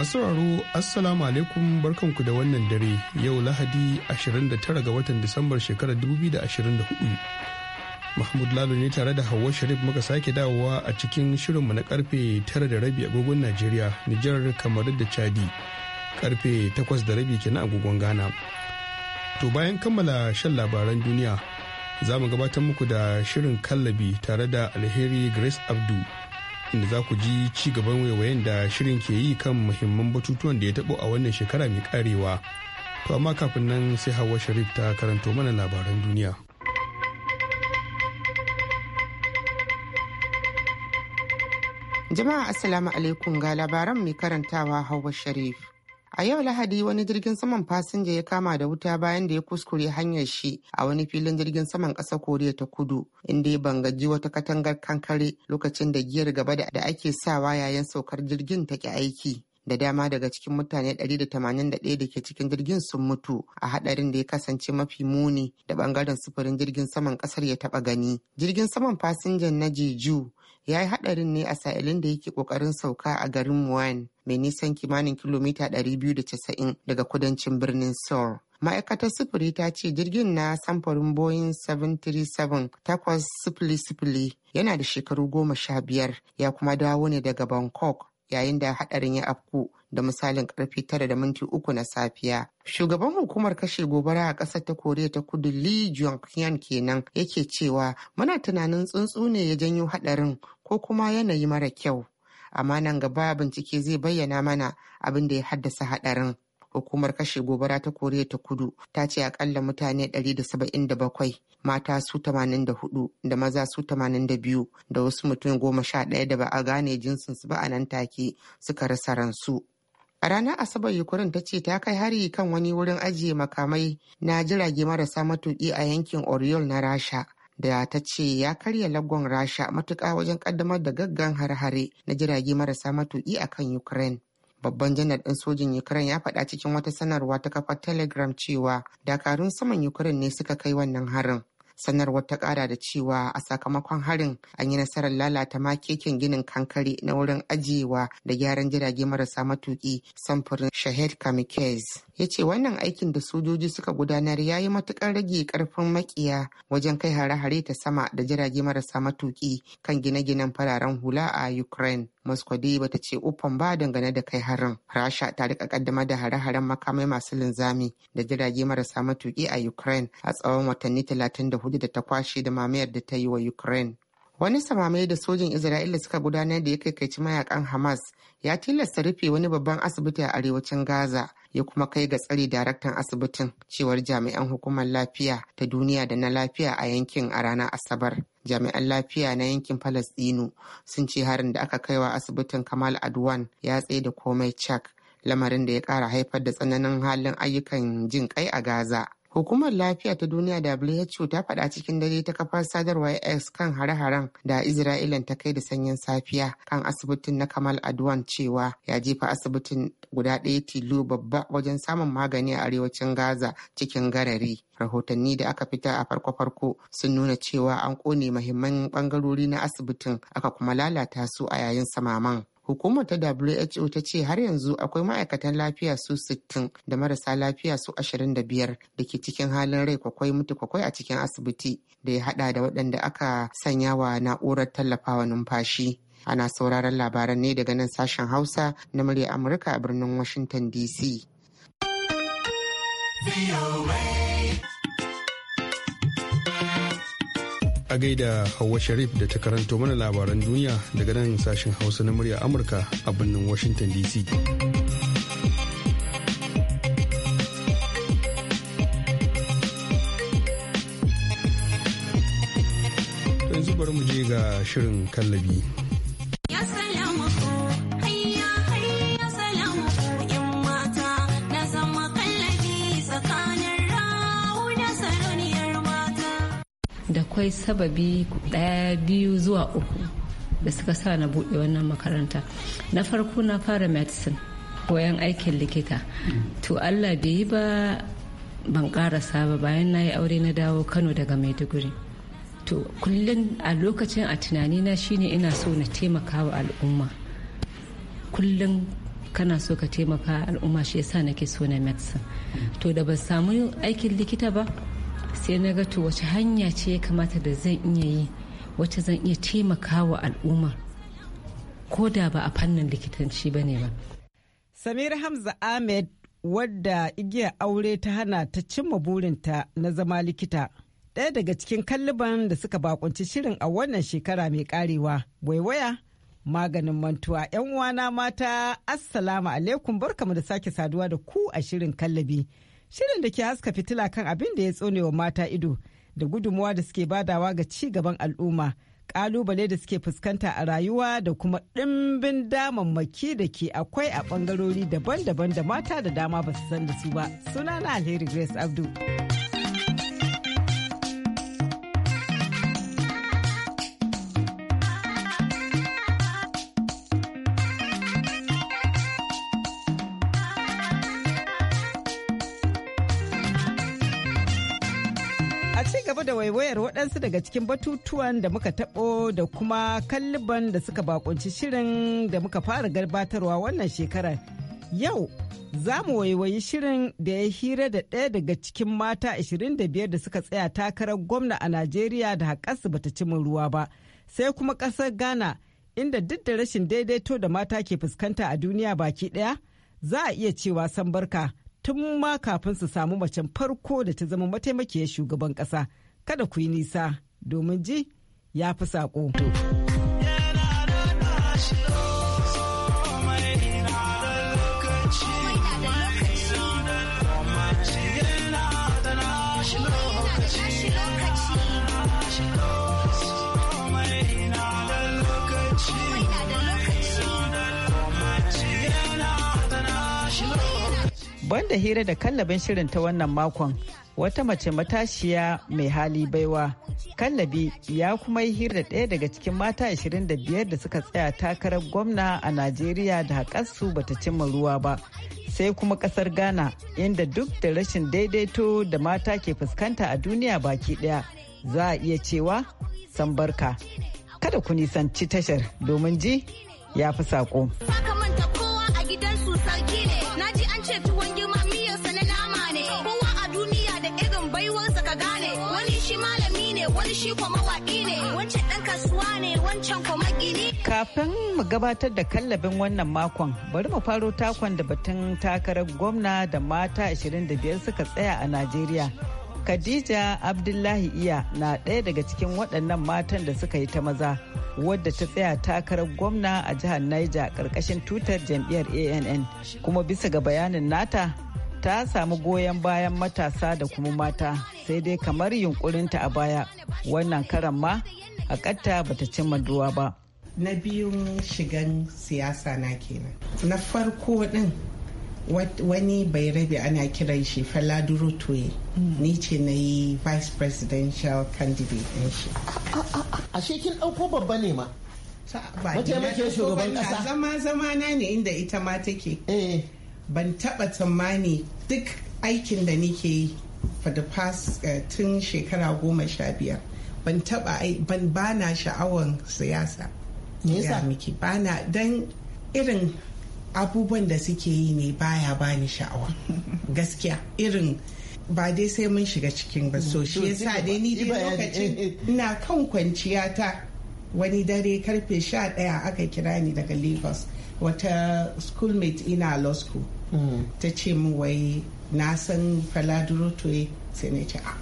masu sauraro assalamu alaikum barkanku da wannan dare yau lahadi 29 ga watan disambar shekarar 2024 mahmud lalu ne tare da hawa sharif muka sake dawowa a cikin shirinmu na karfe 9 da rabi agogon najeriya nijar kamar da chadi karfe 8 da rabi kenan agogon ghana to bayan kammala shan labaran duniya za mu gabatar muku da shirin kallabi tare da alheri grace abdu inda za ku ji ci gaban waiwayen da shirin ke yi kan muhimman batutuwan da ya taɓo a wannan shekara mai karewa. To amma kafin nan sai Hawa Sharif ta karanto mana labaran duniya. Jama'a Assalamu alaikum ga labaran mai karantawa Hawa Sharif. A yau Lahadi wani jirgin saman fasinja ya kama da wuta bayan da ya kuskure hanyar shi a wani filin jirgin saman ƙasa Koriya ta Kudu inda ya bangaji wata katangar kankare lokacin da giyar gaba da ake sawa yayin saukar jirgin ta aiki. da dama daga cikin mutane 181 da ke cikin jirgin sun mutu a hadarin da ya kasance mafi muni da bangaren sufurin jirgin saman kasar ya taba gani jirgin saman fasinjan na jeju ya yi hadarin ne a sa'ilin da yake kokarin sauka a garin muan mai nisan kimanin kilomita 290 daga kudancin birnin Seoul. ma'aikatar sufuri ta ce jirgin na samfurin boeing 737 takwas sifili-sifili yana da shekaru goma sha biyar ya kuma dawo ne daga bangkok yayin da hadarin ya afku da misalin karfe tara da minti uku na safiya. Shugaban hukumar kashe gobara a ƙasar ta Koriya ta Kudu Lee Jong kenan yake cewa muna tunanin tsuntsu ne ya janyo hadarin ko kuma yanayi mara kyau. amma nan gaba bincike zai bayyana mana abin da ya haddasa haɗarin. hukumar kashe gobara ta koriya ta kudu ta ce akalla mutane 177 mata su 84 da maza su 82 da wasu mutum goma sha ɗaya da ba a gane jinsin su ba a nan take suka rasa ransu a ranar asabar yukurin ta ce ta kai hari kan wani wurin ajiye makamai na jirage marasa matuƙi a yankin oriol na rasha da ta ce ya karya lagon rasha matuƙa wajen ƙaddamar da gaggan har-hare na jirage marasa matuƙi a kan ukraine babban janar ɗin sojin ukraine ya faɗa cikin wata sanarwa ta kafar telegram cewa dakarun saman ukraine ne suka kai wannan harin sanarwar ta kara da cewa a sakamakon harin an yi nasarar lalata makekin ginin kankare na wurin ajiyewa da gyaran jirage marasa matuki samfurin shahid kamikez ya ce wannan aikin da sojoji suka gudanar ya yi matukar rage karfin makiya wajen kai hare-hare ta sama da jirage marasa matuki kan gine-ginen fararen hula a ukraine moscow dai bata ce uffan ba dangane da kai harin rasha ta rika kaddama da hare-haren makamai masu linzami da jirage marasa matuki a ukraine a tsawon watanni 34 hudu da ta kwashe da mamayar da ta yi wa Ukraine. Wani samamai da sojin Isra'ila suka gudanar da ya kaikaici mayakan Hamas ya tilasta rufe wani babban asibiti a arewacin Gaza ya kuma kai ga tsari daraktan asibitin cewar jami'an hukumar lafiya ta duniya da na lafiya a yankin a ranar Asabar. jami'an lafiya na yankin Falasɗinu sun ce harin da aka kaiwa asibitin Kamal Adwan ya tsaye da komai cak lamarin da ya ƙara haifar da tsananin halin ayyukan jin kai a Gaza. Hukumar Lafiya ta Duniya WHO ta faɗa cikin dare ta kafar sadarwar X kan hare-haren da Isra'ila ta kai da sanyin safiya kan asibitin na Kamal Adwan cewa ya jefa asibitin guda ɗaya tilo babba wajen samun magani a arewacin Gaza cikin garari. rahotanni da aka fita a farko-farko sun nuna cewa an kone mahimman bangarori na asibitin aka kuma lalata su a yayin samaman Hukumar ta WHO ta ce har yanzu akwai ma'aikatan lafiya su 60 da marasa lafiya su 25 da ke cikin halin rai kwakwai mutu kwakwai a cikin asibiti da ya hada da waɗanda aka sanya wa na'urar tallafawa numfashi. Ana sauraron labaran ne daga nan sashen Hausa na murya Amurka a birnin Washington DC. a gaida Hauwa Sharif da ta karanto mana labaran duniya daga nan sashen Hausa na murya Amurka a birnin Washington DC. yanzu bari mu je ga shirin kallabi akwai sababi ɗaya biyu zuwa uku da suka sa na buɗe wannan makaranta na farko na fara medicine koyan aikin likita to allah bai yi ba ban karasa ba bayan na yi aure na dawo kano daga maiduguri to kullum a lokacin a tunanina shine ina so na taimaka wa al'umma kullum kana so ka taimaka al'umma shi yasa nake so na medicine to da ban samu aikin likita ba sai na ga to wace hanya ce ya kamata da zan iya yi wace zan iya taimakawa al'umma ko da ba a fannin likitanci ba ne ba. Samir Hamza Ahmed wadda igiya aure ta hana ta cimma burinta na zama likita. Ɗaya daga cikin kalliban da suka bakunci shirin a wannan shekara mai karewa waiwaya maganin mantuwa 'yan uwana mata assalamu alaikum barkamu da sake saduwa da ku a shirin kallabi. shirin da ke haska fitila kan abin da ya tsone wa mata ido da gudunmuwa da suke badawa ga ci gaban al'umma kalubale da suke fuskanta a rayuwa da kuma ɗimbin damammaki da ke akwai a ɓangarori daban-daban da mata da dama ba su san da su ba suna na alheri grace abdu A ci gaba da waiwayar waɗansu daga cikin batutuwan da muka taɓo da kuma kalliban da suka bakunci shirin da muka fara gabatarwa wannan shekarar. Yau za mu waiwayi shirin da ya hira da ɗaya daga cikin mata 25 da suka tsaya takarar gwamna a Najeriya da haƙarsu bata ci ruwa ba. Sai kuma ƙasar Ghana inda duk da rashin daidaito da mata ke fuskanta a duniya baki ɗaya za a iya cewa san barka. tun ma kafin su samu macen farko da ta zama mataimakiyar shugaban ƙasa kada ku yi nisa domin ji ya fi saƙo. banda hira da kallabin shirin ta wannan makon wata mace matashiya mai hali baiwa kallabi ya kuma yi hira da ɗaya daga cikin mata 25 da suka tsaya takarar gwamna a najeriya da haƙarsu ta cimma ruwa ba sai kuma ƙasar ghana inda duk da rashin daidaito da mata ke fuskanta a duniya baki ɗaya za a iya cewa san barka kada ku nisanci tashar domin ji ya fi saƙo. wani kafin mu gabatar da kallabin wannan makon bari mu faro takon da batun takarar gwamna da mata 25 suka tsaya a Najeriya Khadija Abdullahi Iya na ɗaya daga cikin waɗannan matan da suka yi ta maza wadda ta tsaya takarar gwamna a jihar Niger ƙarƙashin tutar jam'iyyar ANN kuma bisa ga bayanin nata ta samu goyon bayan matasa da kuma mata sai dai kamar yunkurinta a baya wannan karan ma ba bata cimma ruwa ba na biyun shigan siyasa na kenan na farko din wani bai rabe ana kiran shi faladuro toye mm. ni ce na yi vice presidential candidate din shi a shekin ɗauko babba ne ma ke shugaban kasa. zama zama na ne inda ita ma take eh. ban taɓa tsammani duk aikin da nike yi for the past uh, tun shekara goma sha biyar ban taɓa ban bana sha'awan siyasa ya miki bana don irin abubuwan da suke yi ne baya bani sha'awa gaskiya irin ba dai sai mun shiga cikin ba so shi sa dai ni dai lokacin ina kan kwanciya ta wani dare karfe sha ɗaya aka kira ni daga lagos wata schoolmate ina law school ta ce min wai na san faladuro eh, sai na ce a ah,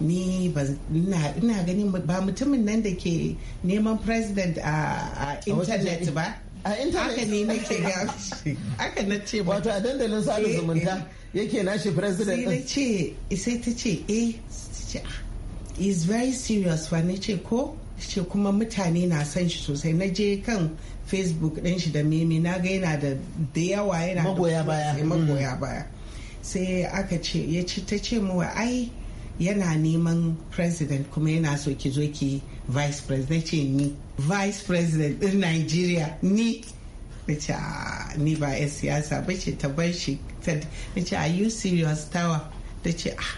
ni ina ganin ba mutumin nan da ke neman president a intanet ba a intanet haka ne nake ga na ce wato a dandalin sada eh, zumunta eh. yake nashi president sai na ce sai ta ce eh is ah, very serious wa na ce ko ce kuma mutane na san shi sosai na je kan facebook ɗin shi da meme na ga yana da da yawa yana magoya baya magoya baya sai aka ce ya ci ta ce mawa ai yana neman president kuma yana so ki zo ki vice president ce ni vice president ɗin nigeria ni na ce ah, ni ba 'yan siyasa ba ce ta bar shi na ce are you serious tawa ta ce ah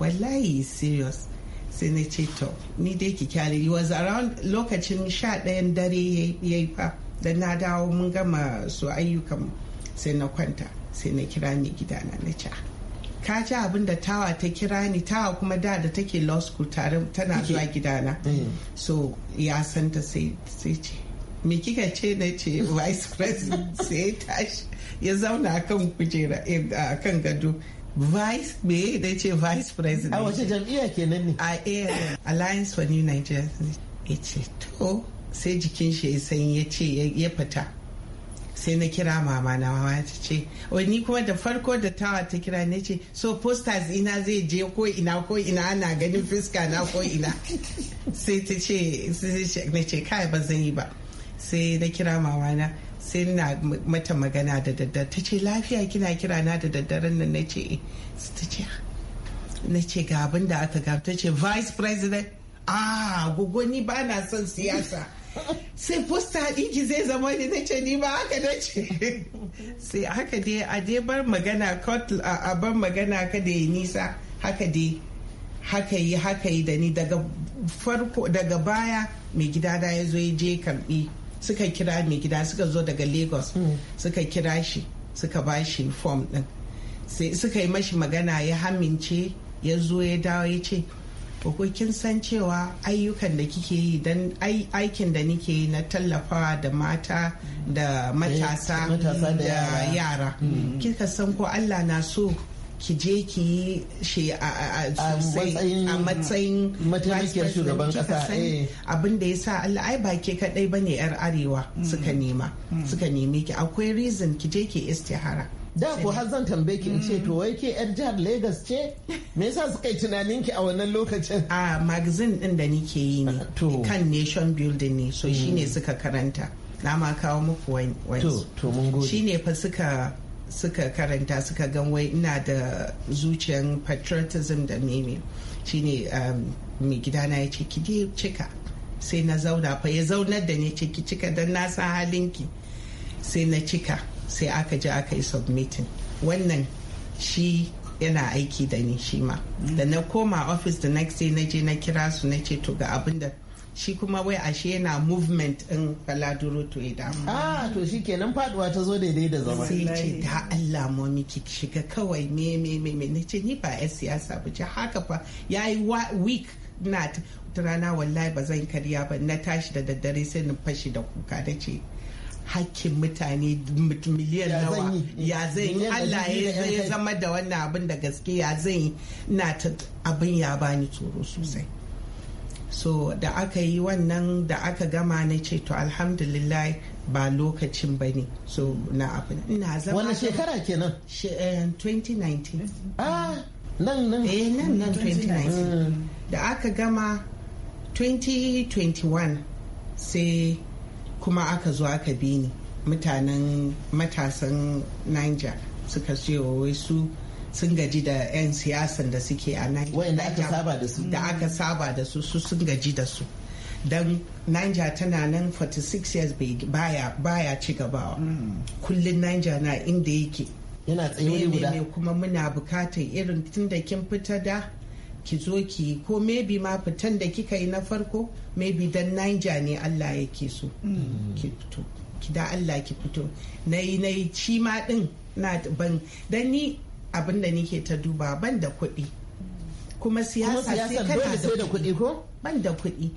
wallahi serious sai na ce to ni dai ki kyale yi was around lokacin sha ɗayan dare ya yi fa da na dawo mun gama su ayyukan sai na kwanta sai na kira ni gidana na ca ka ji abin da tawa ta kira ni tawa kuma da da take law school tare tana zuwa gidana mm. so ya santa sai ce me kika ce na ce vice president sai ya tashi ya zauna akan kujera eh, akan gado vice me dai ce vice president a wace jam'iyya nan ne a ah, air eh, alliance for new nigeria ce to sai jikin shi ya ya ce ya fita sai na kira mama na mama ta ce wani kuma da farko da tawa ta kira ne ce so posters ina zai je ko ina ko ina ana ganin fiska na ko ina sai ta ce na ce kai ba zan yi ba sai na kira mama na sai na mata magana da daddare ta ce lafiya kina kira na da daddaren nan na ce eh. ta ce na ce ga abin da aka ga ta ce vice president ah gogo ba na son siyasa sai fusta ɗiki zai zama ni na ce ni ba haka na ce sai haka dai a dai bar magana a bar magana ka da ya nisa haka dai haka yi haka yi da ni daga farko daga baya mai gida da ya zo ya je karbi suka kira mai gida suka zo daga lagos hmm. suka kira shi suka ba shi form din sai suka yi mashi magana ya hamince ya zo ya dawo ya ce ko kin san cewa ayyukan da kike yi don aikin da nike yi na tallafawa da mata da eh, matasa da yara hmm. kika san ko allah na so ki je ki yi shi a matsayin mataimakiyar shugaban kasa eh. abin da ya sa Allah ai ba ke kadai ne yar arewa suka mm. nema mm. suka neme ki akwai reason ki je ki istihara da ko har zan tambaye ki in ce mm. to wai ke yar jihar Lagos ce me yasa suka yi tunanin ki a wannan lokacin a magazine din da nike yi ne kan nation building ne so shine suka karanta na ma kawo muku wani to to mun gode shine fa suka suka karanta suka gan wai ina da zuciyan patriotism da meme shine um, mai gidana ya ce ki cika sai na zauna fa ya zaunar da ni ki cika don nasa san halinki sai na cika sai aka ji aka yi submitting wannan shi yana aiki da ni shi ma da na koma office the next day na je na kira su na ce to ga abin da shi kuma wai ashe yana movement in faladuro to ya ah to shi kenan faduwa ta zo daidai da zama sai ce da Allah momi miki shiga kawai me me me me nace ni ba yan siyasa ba ce haka fa yayi week nat rana wallahi ba zan karya ba na tashi da daddare sai na fashi da kuka da ce hakkin mutane miliyan nawa ya zai Allah ya zama da wannan abin da gaske ya zai na abin ya bani tsoro sosai so da aka yi wannan da aka gama na ce to alhamdulillah ba lokacin ba ne so na abu na zama wani shekara ke nan. 2019 ah nan nan eh nan nan 2019 mm. da aka gama 2021 sai kuma aka zo aka bi ni mutanen matasan niger suka ce wai su sun gaji da 'yan siyasan da suke a nan da aka saba da su su sun gaji da su don niger tana nan 46 years baya baya ci gabawa hmm. kullum niger na inda yake yana tsaye guda kuma muna bukatar irin tun da kin fita da ki zo ki ko maybe ma fitan da kika yi na farko maybe dan Niger ne Allah yake so hmm. ki fito ki da Allah ki fito nayi nayi ci ma din na ban dan ni abin da nike ta duba ban da kuɗi kuma siyasa sai ka da kuɗi ko ban da kuɗi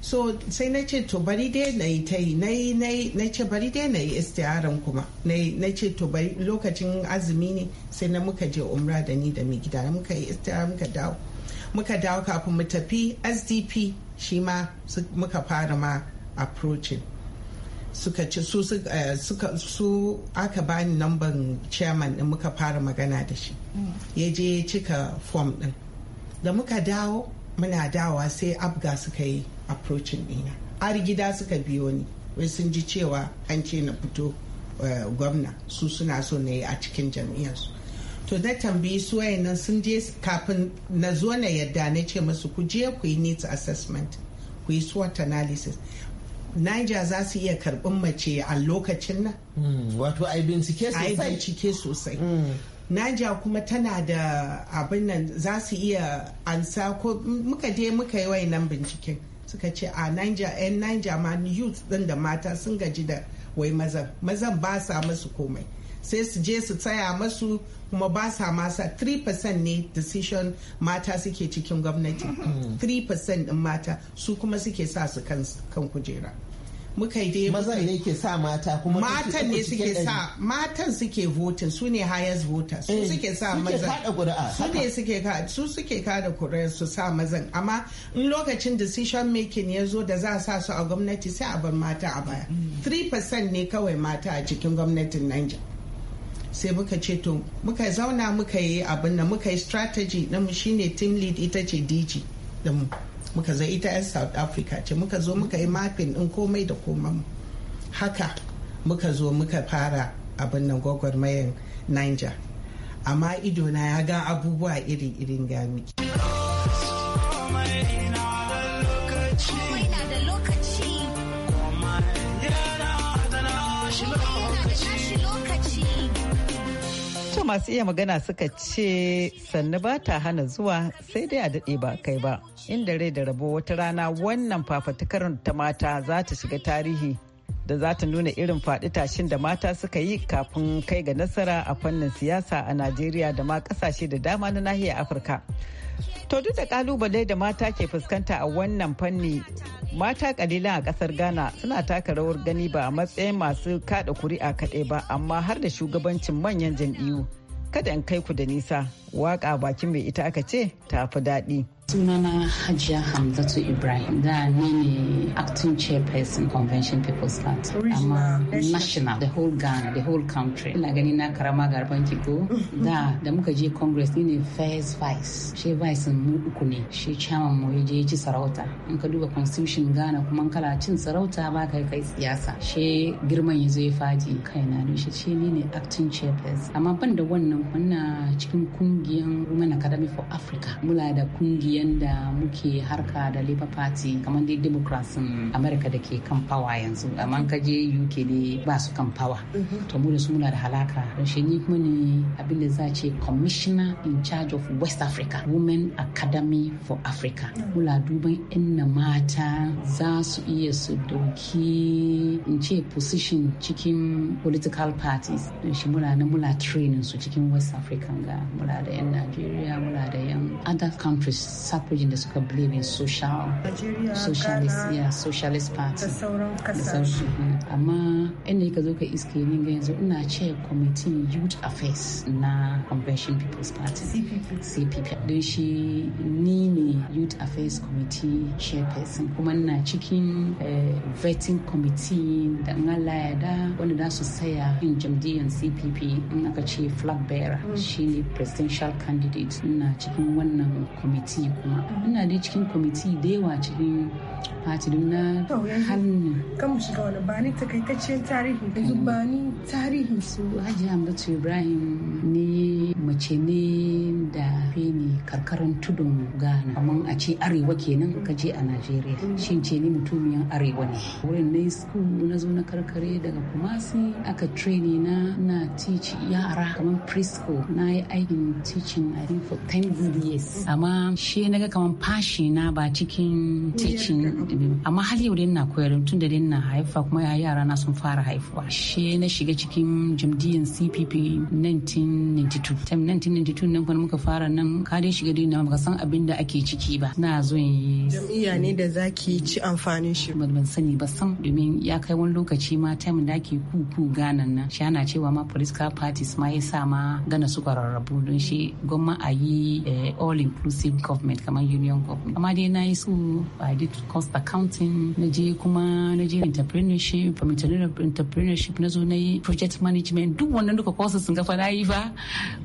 so sai na ce to bari dai na yi ta yi na ce bari dai na yi istiyaran kuma na ce to bari lokacin azumi ne sai na muka je umra da ni da mai gida muka yi istiyaran muka dawo muka dawo kafin mu tafi sdp shi ma muka fara ma approaching suka ci su suka eh, su aka bani namban chairman din muka fara magana da shi mm. ya je ya cika form din da muka dawo muna dawa sai abga suka yi approaching dina har gida suka biyo ni wai sun ji cewa an ce na fito eh, gwamna su suna so na yi a cikin jam'iyyarsu to na tambayi su nan sun je kafin na zo na yadda na ce masu ku je ku yi needs assessment ku yi SWOT analysis niger za su iya karɓin mace a lokacin nan hmm, wato ai bincike sosai ai bincike sosai hmm. Naja kuma tana da abin nan za su iya ansa ko muka je muka yi wayannan binciken suka ce a Niger yan Niger ma youth din da mata sun gaji da wai mazan mazan ba sa musu komai sai su je su tsaya masu kuma ba sa masa 3% ne decision mata suke cikin gwamnati 3% mm-hmm. din mata su kuma suke sa su kan kujera muka yi dai maza ne ke sa mata kuma matan ne suke sa matan suke voting su ne highest voters su eh, suke sa maza su ne suke ka su suke kada kuri'a su sa mazan amma in lokacin decision making ya zo da za a sa su a gwamnati sai a bar mata a baya 3% mm. ne kawai mata a cikin gwamnatin Niger sai muka ce to muka zauna muka yi abin da muka yi strategy mu shine team lead ita ce dg mu muka zai ita 'yan south africa ce muka zo muka yi mapping din komai da komai haka muka zo muka fara abin nan gwagwarmayar niger amma idona ya ga abubuwa iri-irin gami. Oh, masu iya magana suka ce sannu ba ta hana zuwa sai dai a daɗe ba kai ba inda rai da rabo wata rana wannan fafatukar ta mata za ta shiga tarihi da za ta nuna irin faɗi tashin da mata suka yi kafin kai ga nasara a fannin siyasa a Najeriya da ma ƙasashe da dama na nahiyar Afirka. To duk da kalubale da mata ke fuskanta a wannan fanni mata kalilan a kasar Ghana suna taka rawar gani ba a matsayin masu kada kuri'a kaɗai ba amma har da shugabancin manyan jam'iyyu. Kada in kai ku da nisa, waƙa bakin mai ita aka ce ta fi daɗi. sunana hajiya hamzatu ibrahim da ni ne acting chairperson convention people's land amma national the whole ghana the whole country ina gani na karama garban kiko da da muka je congress ni ne first vice she vice mu uku ne she chairman mu ya je ci sarauta in ka duba constitution ghana kuma kala cin sarauta ba kai kai siyasa she girman ya zo ya faji kaina ne she ce ni ne acting chairperson amma ban da wannan muna cikin kungiyan women academy for africa muna da kungiya yanda muke harka da labour party kamar dai in america da ke kan pawa yanzu amma ka je uk ne ba su kan fawa mhm. to mu da su muna da halaka don shi ni kuma ne abin da za ce commissioner in charge of west africa women academy for africa mm. mula duban inna mata za su iya su dauki in ce position cikin political parties don shi mula na mula training su cikin west africa ga mula da yan nigeria mula da yan other countries suffragin da suka believe in social socialist yeah, socialist party da sauran kasashe amma inda ka zo ka iske ne ga yanzu ina ce kwamitin youth affairs na convention people's party cpp don shi ni ne youth affairs committee chairperson kuma ina cikin eh, vetting committee da in Allah ya da su saya yin jam'iyyar cpp in aka ce flag bearer mm. shine presidential candidate ina cikin wannan kwamiti kuma ina dai cikin kwamiti da yawa cikin fati don na hannu kan mu shiga wani bani takaitaccen tarihi da bani tarihin su hajji hamdatu ibrahim ne mace ne da feni karkaran tudun Ghana amma a ce arewa kenan ka je a Najeriya shin ce ni mutumiyan arewa ne wurin na school na zo na karkare daga Kumasi aka traini na na teach yara kamar prisco na yi aikin teaching I think for 10 good years amma shi na ga kamar fashi na ba cikin teaching amma har yau dai na koyar tun da dai na haifa kuma y'a yara na sun fara haifuwa shi na shiga cikin jamdiyan CPP 1992 1992 nan kuma muka fara nan kadi dai shiga duniya ba san abin da ake ciki ba na zo yi jami'a ne da zaki ci amfanin shi ban sani ba san domin ya kai wani lokaci ma time da ake kuku ganan nan shi ana cewa ma car parties ma ya sa ma gana su rarrabu don shi gwamma a yi eh, all inclusive government kamar union government amma dai na yi su I did cost accounting na je kuma na je entrepreneurship entrepreneurship na zo na yi project management duk wannan duka courses sun gafa na yi fa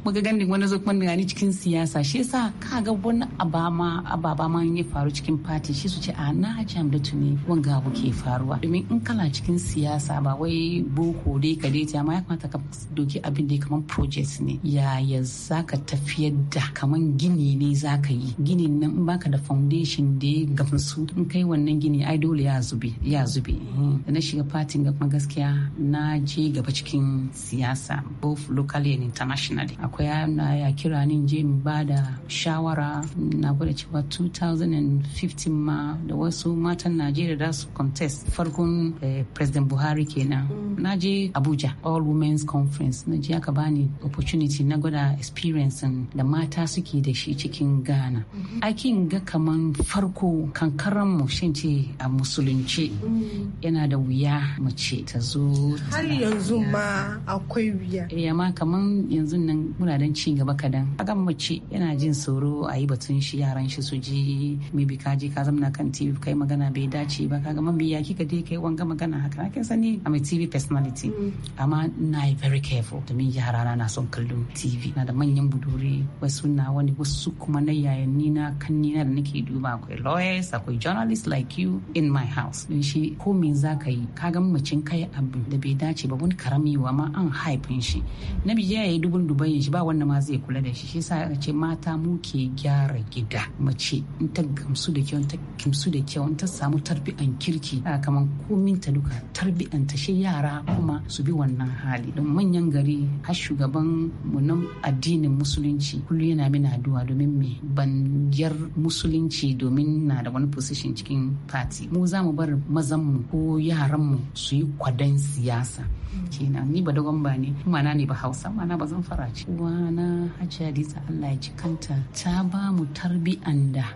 muka gani wani zo kuma ni cikin siyasa shi sa ka ga wani abama ababa ma ya faru cikin fati shi su ce a ah, na da tuni wanga abu ke faruwa domin in kana cikin siyasa ba wai boko dai ka dai ma ya kamata ka doki abin da kamar project ne yaya zaka tafiyar da Kaman gini ne zaka yi gini nan in baka da foundation da ya gamsu in kai wannan gini ai dole ya zube ya zube mm-hmm. da na shiga fati ga kuma gaskiya na je gaba cikin siyasa both locally and internationally akwai yana ya kira ni je mu ba da shawara na gwada cewa 2015 ma da wasu matan najeriya da su contest farkon eh, president buhari kenan mm. na je abuja all women's conference na je aka bani opportunity na gwada experience da mata suke da shi cikin ghana mm-hmm. akin ga kaman farko kankaran mu shin ce a musulunci mm. yana da wuya mace ta zo har yanzu ma akwai wuya ya eh, ma kaman yanzu nan muna dan ci gaba kadan kaga mace yana jin jin tsoro a yi batun shi yaran shi su ji mibi ka je ka zamna kan tv kai magana bai dace ba kaga man biya kika dai kai wanga magana haka na kin sani am a tv personality mm. amma na yi very careful domin yara na na son kallon tv na da manyan budure wasu na wani wasu kuma na ni na ni na da nake duba akwai lawyers akwai journalists like you in my house don shi ko me za ka yi ka ga kai abu da bai dace ba wani karami wa ma an haifin shi na biya ya yi dubun dubayin shi ba wannan ma zai kula da shi shi sa ce mata mu ke gyara gida mace in ta gamsu da kyau ta gamsu da kyau ta samu tarbiyan kirki a kamar komin ta duka tarbiyan ta shi yara kuma su bi wannan hali don manyan gari har shugaban mu na addinin musulunci kullu yana mina addu'a domin me ban yar musulunci domin na da wani position cikin party mu za mu bar mazan mu ko yaran mu su yi kwadan siyasa kenan ni ba dogon ba ne mana ne ba hausa mana ba zan fara ce wana hajjadi Allah ya ci kan ta ta ba mu anda. da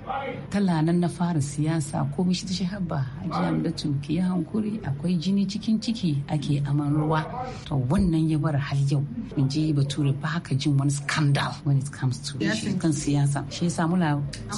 talanan na fara siyasa ko mishi ta shahaba hajiya da ki ya hankuri akwai jini cikin ciki ake aman ruwa to wannan ya bar har yau in ji bature ba haka jin wani scandal when it comes to kan siyasa shi samu la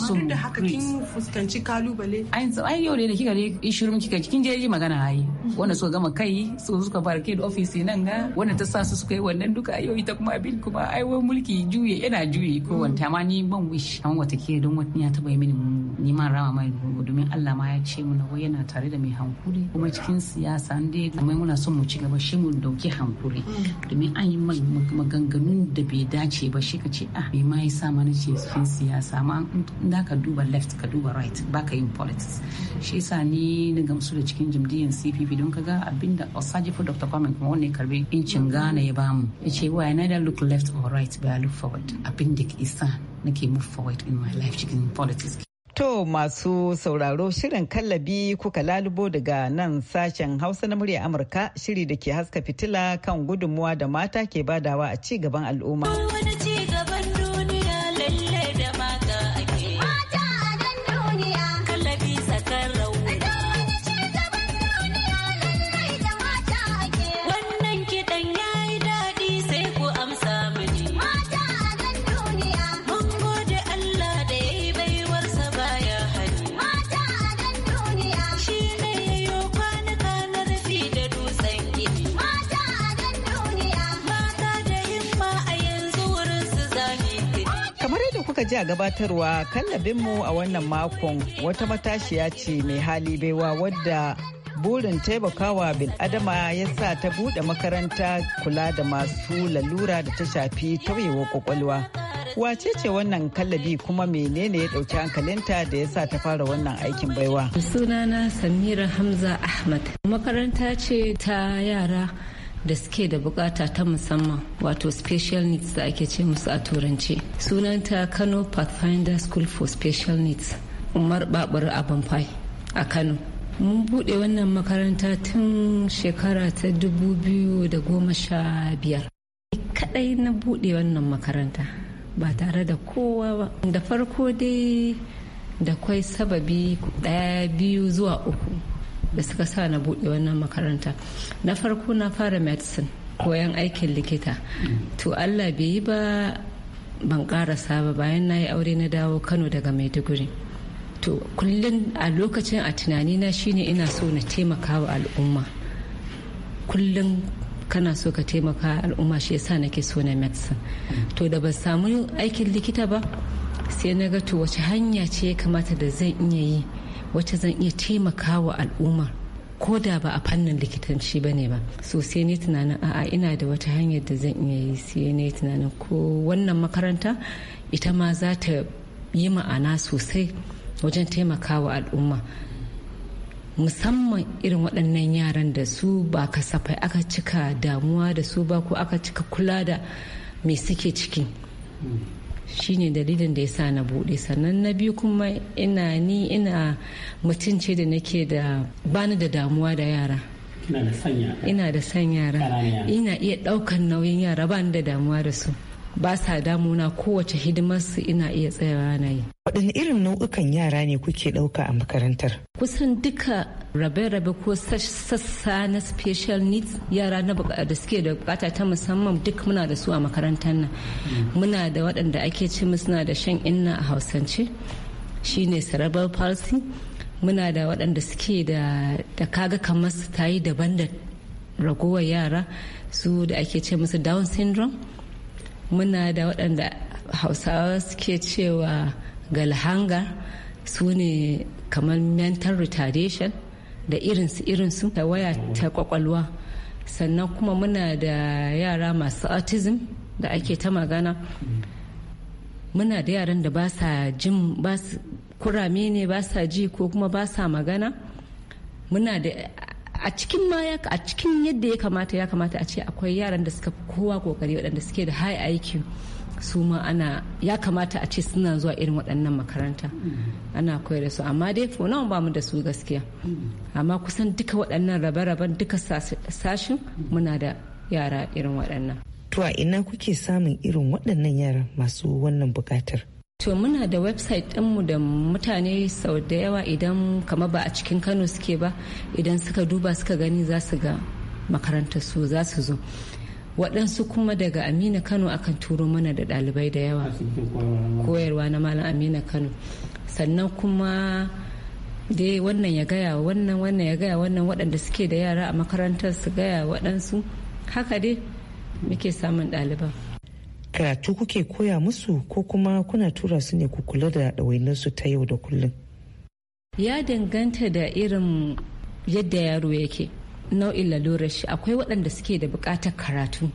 so amma da haka kin fuskanci kalubale ai ai yau da kika dai shirin kika kin je yi magana ai wanda suka gama kai su suka fara kai da ofisi nan ga wanda ta sa su suka yi wannan duka yau ita kuma abin kuma ai wai mulki juye yana juye ko wanta amma ni ban wish an wata ke don wani ya taba yi mini ni ma rama mai domin Allah ma ya ce muna wai yana tare da mai hankuri kuma cikin siyasa dai amma muna son mu ci gaba shi mu dauki hankuri domin an yi maganganu da bai dace ba shi ka ce ah bai ma yi sa mana ce cikin siyasa amma in da ka duba left ka duba right baka yin politics shi yasa ni na gamsu da cikin jam'iyyar CPP don kaga abinda Osajifu Dr. Kwame kuma wannan karbe incin Ghana ya bamu ya ce why neither look left or right but I look forward abin da ke isa nake move forward in my life cikin politics To masu sauraro shirin kallabi kuka lalubo daga nan sashen Hausa na murya Amurka shiri da ke haska fitila kan gudunmuwa da mata ke badawa a ci gaban al'umma. kuka ji a gabatarwa kallabinmu a wannan makon wata matashiya ce mai hali baiwa wadda burin taimakawa bil'adama ya sa ta bude makaranta kula da masu lalura da ta shafi tauyewa kwakwalwa. Wace ce wannan kallabi kuma menene ya ɗauki hankalinta da ya sa ta fara wannan aikin baiwa? Sunana Samira Hamza Ahmad. Makaranta ce ta yara da suke da bukata ta musamman wato special needs da ake ce musu a turance sunanta kano pathfinder school for special needs umar babur abamfai a kano mun bude wannan makaranta tun shekara ta goma sha 2015 kadai na bude wannan makaranta ba tare da kowa ba da farko dai da kwai sababi daya biyu zuwa uku da suka sa na buɗe wannan makaranta na farko na fara medicine koyan aikin likita to allah bai yi ba ban karasa ba bayan na yi aure na dawo kano daga maiduguri to kullum a lokacin a tunanina shine ina so na taimaka wa al'umma kullum kana so ka taimaka al'umma shi na nake so na medicine to da ban samu aikin likita ba sai na ga to wace hanya ce ya kamata da zan iya yi wacce zan iya taimakawa al'umma ko da ba a fannin likitanci ba ne ba sosai sai ne tunanin a'a ina da wata hanyar da zan iya yi sai ne tunanin ko wannan makaranta ita ma za ta yi ma'ana sosai wajen taimakawa al'umma musamman irin waɗannan yaran da su ba kasafai aka cika damuwa da su ba ko aka cika kula da me suke ciki shine dalilin da ya sa na buɗe sannan na biyu kuma ina ni ina mutunce da nake da bani da damuwa da yara ina da san yara ina iya ɗaukan nauyin yara bani da damuwa da su ba sa damuna kowace hidimar su ina iya tsayawa na yi. Waɗanne irin nau'ukan yara ne kuke ɗauka a makarantar? Kusan duka rabe-rabe ko sassa na special needs yara na da suke da bukata ta musamman duk muna da su a makarantar nan. Muna da waɗanda ake ce suna da shan inna a hausance shine cerebral palsy muna da waɗanda suke da kaga kamar su ta yi daban da ragowar yara su da ake ce musu down syndrome muna da waɗanda hausawa suke cewa galhanga su ne kamar mental retardation da irinsu irinsu da waya ta kwakwalwa sannan kuma muna da yara masu autism da ake ta magana muna da yaran da ba sa jin kurame ne ba sa ji ko kuma ba sa magana muna da a cikin ma a cikin yadda ya kamata ya kamata a ce akwai yaran da suka kowa kokari waɗanda suke da high aiki su ma ana ya kamata a ce suna zuwa irin waɗannan makaranta ana koyar da su amma dai nawa ba mu da su gaskiya amma kusan duka waɗannan rabe-raben duka sashin muna da yara irin waɗannan to a ina kuke samun irin waɗannan yara masu wannan buƙatar To muna da website ɗinmu da mutane sau da yawa idan kama ba a cikin Kano suke ba idan suka duba suka gani za su ga makarantar su za su zo. Waɗansu kuma daga Amina Kano akan turo mana da ɗalibai da yawa koyarwa na Malam Amina Kano. Sannan kuma dai wannan ya gaya wannan wannan ya gaya wannan waɗanda suke da yara a makarantar su gaya waɗansu haka dai muke samun ɗaliban. karatu kuke koya musu ko kuma kuna tura su ne ku kula da ɗawainarsu ta yau da kullum ya danganta da irin yadda yaro yake nau'in lalurar shi akwai waɗanda suke da buƙatar karatu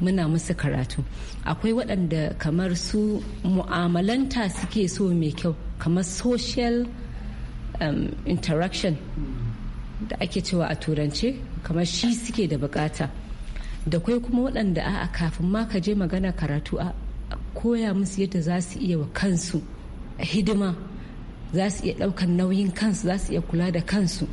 muna musu karatu akwai waɗanda kamar su mu'amalanta suke so mai kyau kamar social um, interaction da ake cewa a turance kamar shi suke da buƙata. da kwai kuma waɗanda a kafin ma ka je magana karatu a koya musu yadda za su iya wa kansu hidima za su iya ɗaukan nauyin kansu za su iya kula da kansu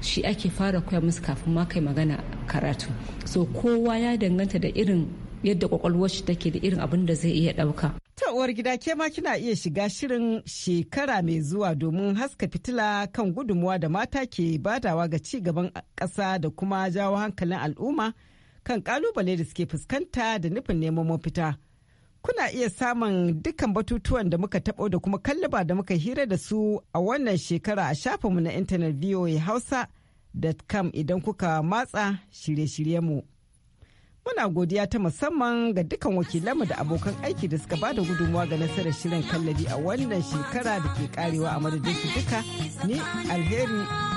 shi ake fara koya musu kafin ma kai magana karatu so kowa ya danganta da irin yadda kwakwalwar shi take da irin abin da zai iya ɗauka. ta uwar gida ke ma kina iya shiga shirin shekara mai zuwa domin haska fitila kan gudunmuwa da mata ke badawa ga ci gaban ƙasa da kuma jawo hankalin al'umma kan kalubale da suke fuskanta da nufin neman mafita. Kuna iya samun dukkan batutuwan da muka taɓo da kuma kalliba da muka hira da su a wannan shekara a shafinmu na intanet Hausa.com idan kuka matsa shirye-shiryenmu. Muna godiya ta musamman ga dukkan wakilanmu da abokan aiki da suka ba da gudunmawa ga nasarar shirin kallabi a wannan shekara da ke karewa a madadin duka ni alherin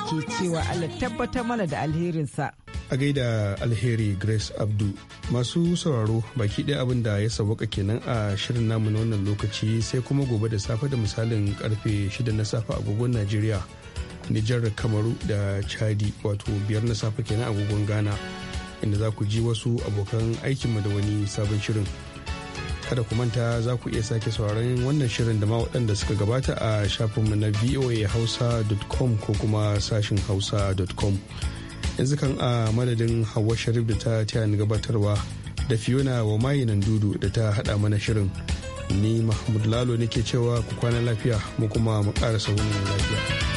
ke cewa Allah tabbatar mana da alherinsa. a gaida alheri grace abdu masu sauraro baki ɗaya abin da ya sauwaka kenan a shirin namu na wannan lokaci sai kuma gobe da safe da misalin karfe shida na safe agogon najeriya nijar kamaru da chadi wato biyar na safe kenan agogon ghana inda za ku ji wasu abokan aikinmu da wani sabon shirin kada ku manta za ku iya sake sauraron wannan shirin da ma waɗanda suka gabata a shafinmu na voa hausa.com ko kuma sashin hausa.com yanzu kan a madadin hawa sharif da ta tiyan gabatarwa da fiona wa mayinan dudu da ta hada mana shirin ni mahmud lalo nake cewa ku kwana lafiya mu kuma mu ƙara sauran lafiya.